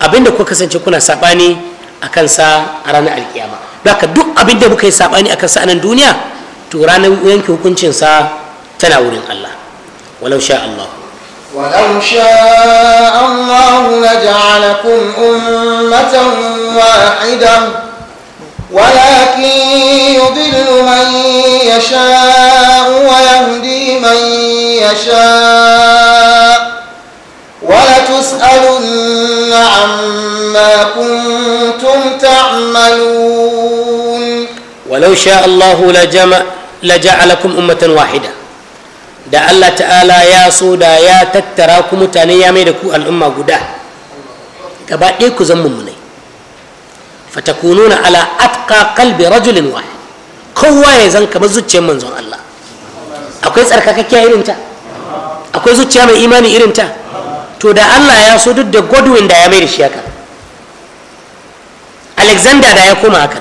abinda kuka kasance kuna saɓani a kansa a ranar alkiyama haka duk abin da muka yi saɓani a kansa a nan duniya to ranar yanke hukuncinsa tana wurin Allah walau sha Allah ولو شاء الله لجعلكم أمة واحدة ولكن يضل من يشاء ويهدي من يشاء ولتسألن عما كنتم تعملون ولو شاء الله لجمع لجعلكم أمة واحدة da Allah ta'ala ya so da ya tattara ku mutane ya mai da ku al'umma guda gaba ɗaya ku zan mummunai fatakununa ala atqa qalbi rajulin wahid kowa ya zan kamar zuciyar manzon Allah akwai tsarkakakkiya irin ta akwai zuciya mai imani irinta? ta to da allah ya so duk da godwin da ya mai da shi haka alexander da ya koma haka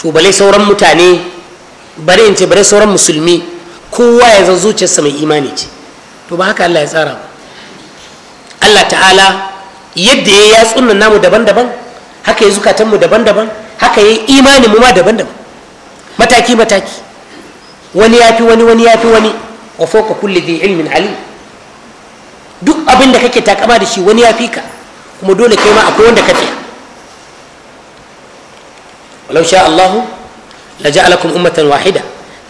to bale sauran mutane bare in ce bare sauran musulmi kowa ya zan zuciyarsa mai imani ce to ba haka allah ya tsara ba allah ta'ala yadda ya yi yatsunan namu daban-daban haka ya zukatanmu daban-daban haka ya yi imanin mu ma daban-daban mataki-mataki wani ya fi wani wani ya fi wani wa fawqa kulli ilmin alim duk abin da kake takama da shi wani ya fi ka kuma dole kai ma akwai wanda ka fiya walau sha Allahu la ja'alakum ummatan wahida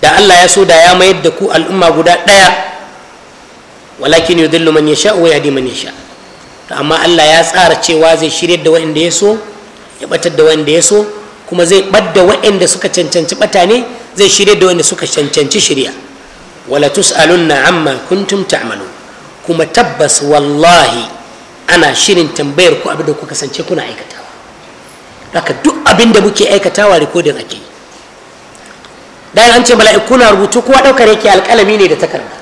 da Allah ya so da ya mayar da ku al'umma guda daya walakin yudillu man yasha wa yahdi man yasha to amma Allah ya tsara cewa zai shiryar da waɗanda ya so ya batar da waɗanda ya so kuma zai badda waɗanda suka cancanci batane zai shirya da wanda suka cancanci shirya wala tus'alunna amma kuntum ta'malun kuma tabbas wallahi ana shirin tambayar ku abin da ku kasance kuna aikatawa haka duk abin da muke aikatawa rikodin ake yi dan an ce mala'iku na rubutu kowa ɗaukar yake alƙalami ne da takarda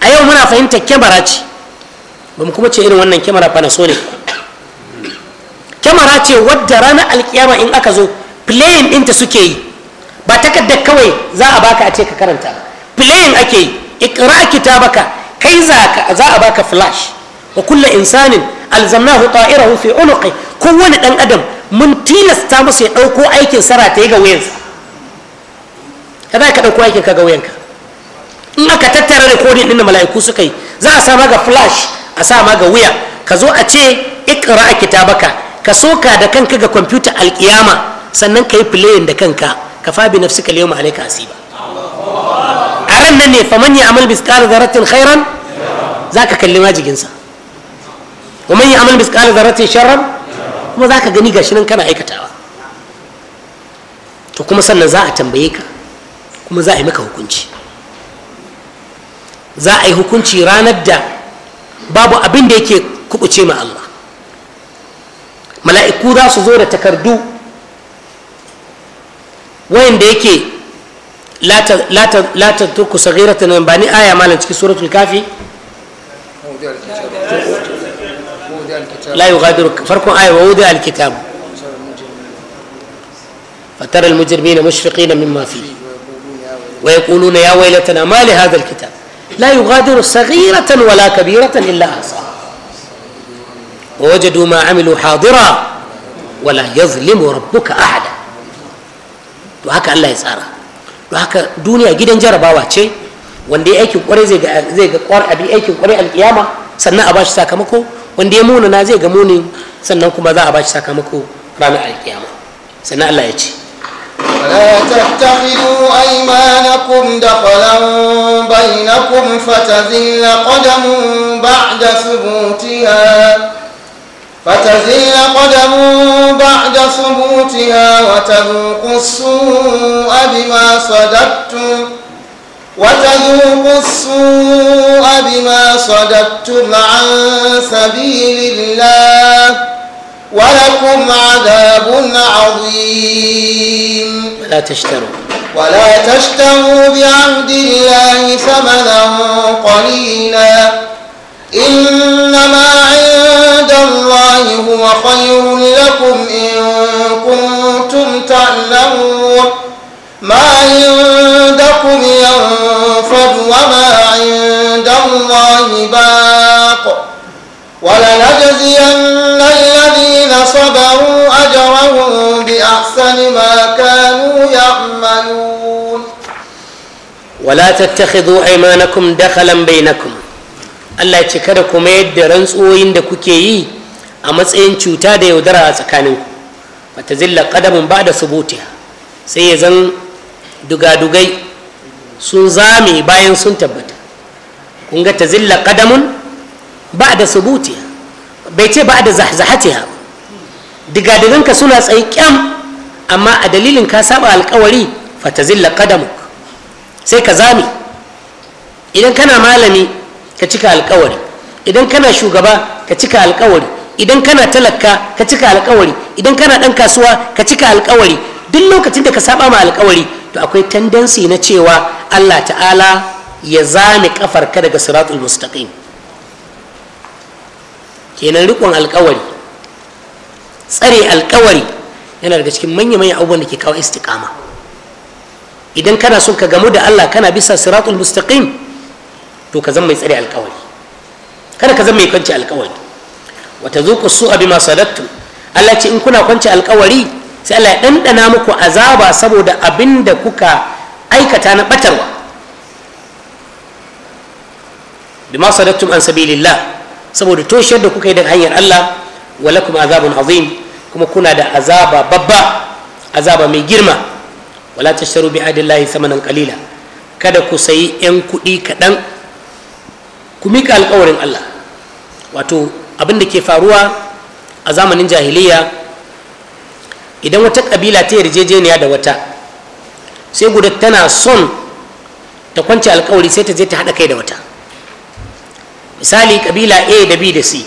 a yau muna fahimta kyamara ce ba mu kuma ce irin wannan kyamara ne kyamara ce wadda ranar alkiyama in aka zo playing ɗinta suke yi ba takardar kawai za a baka a ce ka karanta ba playing ake yi ikra kitabaka kai za a baka flash wa kulla insanin alzamnahu ta'irahu fi unuqi kowane dan adam mun tilasta masa ya dauko aikin sara ta ga wayansa kada ka dauko aikin ka ga wayanka in aka tattara recording din da mala'iku suka yi za a sa ga flash a sa ga wuya ka zo a ce ikra kitabaka ka soka da kanka ga kwamfuta alkiyama sannan ka yi playing da kanka ka fa bi nafsika yawma alayka asiba wannan ne faman ya amal biskar zaratin khairan za ka kalli majiginsa wa man amal biskar zaratin sharran kuma za ka gani gashi nan kana aikatawa to kuma sannan za a tambaye ka kuma za a yi maka hukunci za a yi hukunci ranar da babu abin da yake kubuce ma Allah mala'iku za su zo da takardu wayanda yake لا لا لا ta la آية turku saghiratan سورة الكافي aya malan cikin suratul kafi la yughadiru فترى المجرمين مشفقين مما فيه ويقولون يا ويلتنا ما لهذا الكتاب لا يغادر صغيرة ولا كبيرة إلا أحصاها ووجدوا ما عملوا حاضرا ولا يظلم ربك أحدا وهكذا الله يسأله haka duniya gidan jarabawa ce wanda ya aikin kwarai zai ga zai ga kwar abin aikin kwarai alkiyama sannan a bashi sakamako wanda ya munana zai ga muni sannan kuma za a bashi sakamako ranar alkiyama sannan Allah ya ce ولا تتخذوا أيمانكم دخلا بينكم فتزل قدم بعد ثبوتها فتزل قدم بعد ثبوتها وتذوقوا السوء بما صددتم وتذوق السوء بما صددتم عن سبيل الله ولكم عذاب عظيم ولا تشتروا ولا تشتروا بعهد الله ثمنا قليلا إنما الله هو خير لكم إن كنتم تعلمون ما عندكم ينفد وما عند الله باق ولنجزين الذين صبروا أجرهم بأحسن ما كانوا يعملون ولا تتخذوا أيمانكم دخلا بينكم الله ya يد kada kuma a matsayin cuta da yaudara a tsakanin ku ta zilla ba da subutiha sai ya zan dugadugai sun zame bayan sun tabbata kun ga tazilla ba da subutiha bai ce da zahzahatiha dugadugunka suna tsaye kyam amma a dalilin ka saba alkawari zilla qadamuk sai ka zame idan kana malami ka cika alkawari idan kana shugaba ka cika alkawari idan kana talaka ka cika alkawari idan kana dan kasuwa ka cika alkawari duk lokacin da ka saba ma alkawari to akwai tendency na cewa Allah ta'ala ya zame ka daga siratul mustaqim kenan rikon alkawari tsare alkawari yana daga cikin manya-manyan abubuwan da ke kawo istiqama idan kana son ka gamu da Allah kana bisa siratul mustaqim to ka zama mai tsare alkawari kada ka zama mai kwanci alkawari wa tazuqu su'a bima sadattum Allah ce in kuna kwance alkawari sai Allah ya dandana muku azaba saboda abin da kuka aikata na batarwa bima sadattum an sabilillah saboda toshiyar da kuka yi daga hanyar Allah kuma azabun azim kuma kuna da azaba babba azaba mai girma wala tashtaru bi adillahi samanan kalila kada ku sayi yan kuɗi kaɗan ku miƙa alkawarin Allah wato abin da ke faruwa a zamanin jahiliya idan wata kabila ta yarjejeniya da wata sai guda tana son ta kwance alkawari sai ta je ta haɗa kai da wata misali kabila a da b da c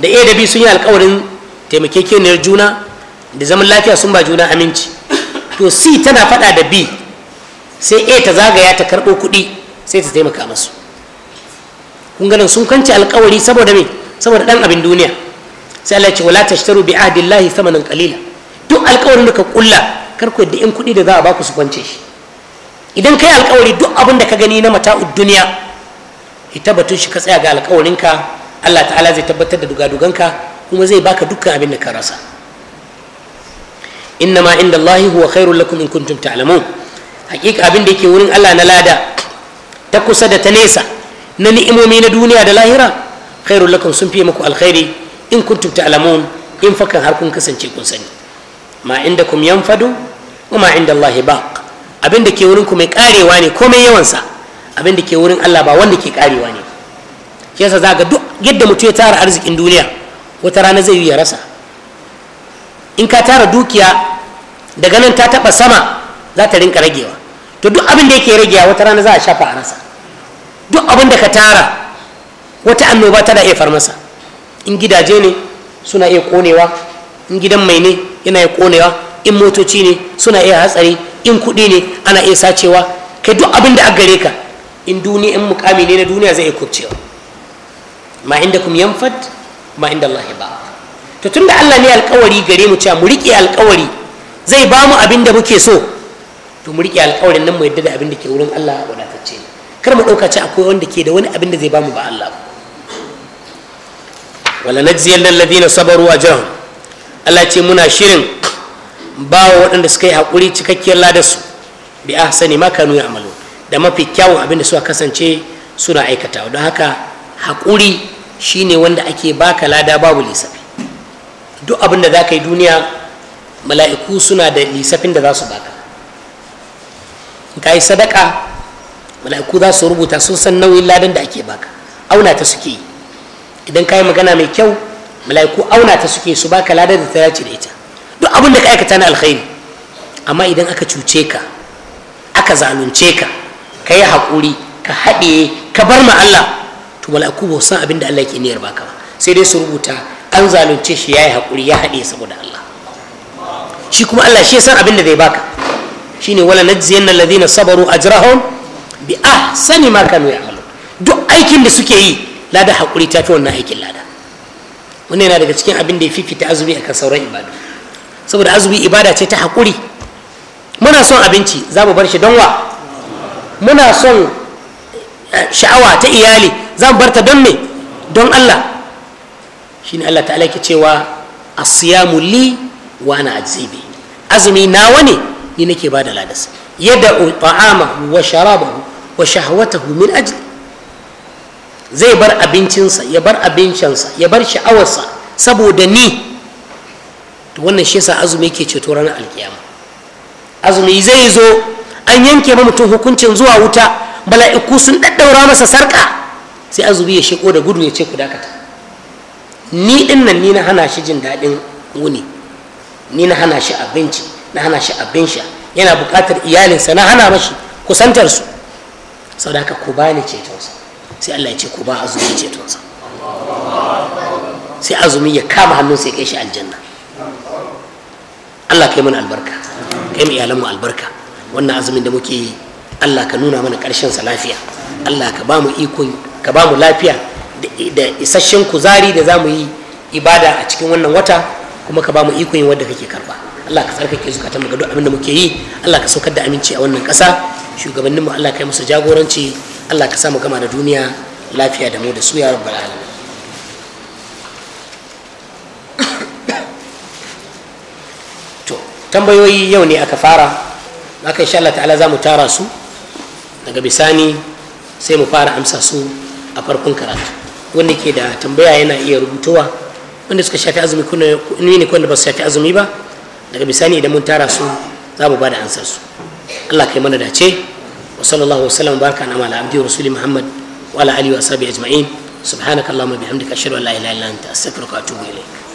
da a da b sun yi alkawarin taimakekeniyar juna da zaman lafiya sun ba juna aminci to c tana faɗa da b sai a ta zagaya ta karɓo kuɗi sai ta taimaka masu kun sun kwanci alkawari saboda me saboda dan abin duniya sai Allah ya ce wala tashtaru bi ahdillahi thamanan qalila duk alƙawarin da ka kulla kar ku yadda in kuɗi da za a baku su kwance shi idan kai alƙawari duk abin da ka gani na mata'ud duniya ita batun shi ka tsaya ga alƙawarinka Allah ta'ala zai tabbatar da ka kuma zai baka dukkan abin da ka rasa ma inda Allahi huwa khairul lakum in kuntum ta'lamun hakika abin da yake wurin Allah na lada ta kusa da ta nesa na ni'imomi na duniya da lahira khairul lakum sun fiye muku alkhairi in kuntum ta'lamun in fakan har kun kasance kun sani ma inda kum yanfadu wa ma inda Allah baq abinda ke wurin ku mai karewa ne komai yawansa sa abinda ke wurin Allah ba wanda ke karewa ne shi yasa za ga duk yadda mutum ya tara arzikin duniya wata rana zai yi ya rasa in ka tara dukiya daga nan ta taba sama za ta rinka ragewa to duk abin da yake ragewa wata rana za a shafa a rasa duk abin da ka tara wata annoba tana iya far masa in gidaje ne suna iya konewa in gidan mai ne yana iya konewa in motoci ne suna iya hatsari in kuɗi ne ana iya sacewa kai duk abin da aka gare ka in duniya in mukami ne na duniya zai iya kubcewa ma inda kum yanfad ma inda Allah ba to tunda Allah ne alkawari gare mu cewa mu riƙe alkawari zai ba mu abin da muke so to mu riƙe alkawarin nan mu yadda da abin da ke wurin Allah wadatacce kar mu ɗauka ce akwai wanda ke da wani abin da zai ba mu ba Allah ba wala na lallabi ladina sabaruwa jiran Allah ce muna shirin ba wa waɗanda suka yi haƙuri cikakkiyar lada su bi sani ma kanu ya'malu da mafi kyawun abin da suka kasance suna aikatawa don haka haƙuri shine wanda ake baka lada babu lissafi duk abin da za ka yi duniya mala'iku suna da lissafin da za su baka in ka yi sadaka mala'iku za su rubuta sun san nauyin ladan da ake baka auna ta suke yi idan ka yi magana mai kyau mala'iku auna ta suke su baka ladar da ta dace da ita duk abin da ka aikata na alkhairi amma idan aka cuce ka aka zalunce ka ka yi haƙuri ka haɗe ka bar ma Allah to mala'iku ba san abin da Allah ke niyyar baka ba sai dai su rubuta an zalunce shi ya yi haƙuri ya haɗe saboda Allah shi kuma Allah shi ya san abin da zai baka shine wala najziyanna alladhina sabaru ajrahum bi ahsani ma kanu ya'malu duk aikin da suke yi lada haƙuri ta fi wannan aikin lada wanda yana daga cikin abin da ya fifita azumi akan sauran ibadu saboda azumi ibada ce ta haƙuri muna son abinci za mu bar shi don wa muna son eh, sha'awa ta iyali za mu bar ta don me don Allah shine Allah ta ke cewa asiyamu li wa ana azibi azumi nawa ne ni nake bada ladas yadda ta'ama wa sharabahu wa shahwatahu min ajli zai bar abincinsa ya bar abincinsa ya bar sha'awarsa saboda ni to wannan shi yasa azumi ke ceto ranar alkiyama azumi zai zo an yanke ma mutum hukuncin zuwa wuta bala'iku sun daddaura masa sarka sai azumi ya shigo da gudu ya ce ku dakata ni din nan ni na hana shi jin daɗin wuni ni na hana shi abinci na hana shi abin sha yana buƙatar iyalinsa na hana mashi kusantarsu su ku bani cetonsa sai Allah ya ce ku ba azumi cetonsa sai azumi ya kama hannun ya kai shi aljanna Allah kai mana albarka kai mu iyalan mu albarka wannan azumin da muke yi Allah ka nuna mana karshen sa lafiya Allah ka ba mu ikon ka ba mu lafiya da isasshen kuzari da za yi ibada a cikin wannan wata kuma ka ba mu ikon yin wanda kake karba Allah ka tsarkake zukatan mu ga duk abin da muke yi Allah ka saukar da aminci a wannan ƙasa shugabannin mu Allah ka yi musu jagoranci Allah ka samu gama da duniya lafiya da mu da su ya rabbal alamin to tambayoyi yau ne aka fara haka insha Allah ta'ala za mu tara su daga bisani sai mu fara amsa su a farkon karatu wanda ke da tambaya yana iya rubutowa wanda suka shafi azumi kuna ne wanda ba su shafi azumi ba daga bisani idan mun tara su za mu ba da ansar su Allah kai mana dace wa sallallahu wa sallam baraka na mala abdi rasuli muhammad wa ala alihi wa sahbihi ajma'in subhanaka allahumma bihamdika ashhadu an la ilaha illa anta astaghfiruka wa atubu ilayk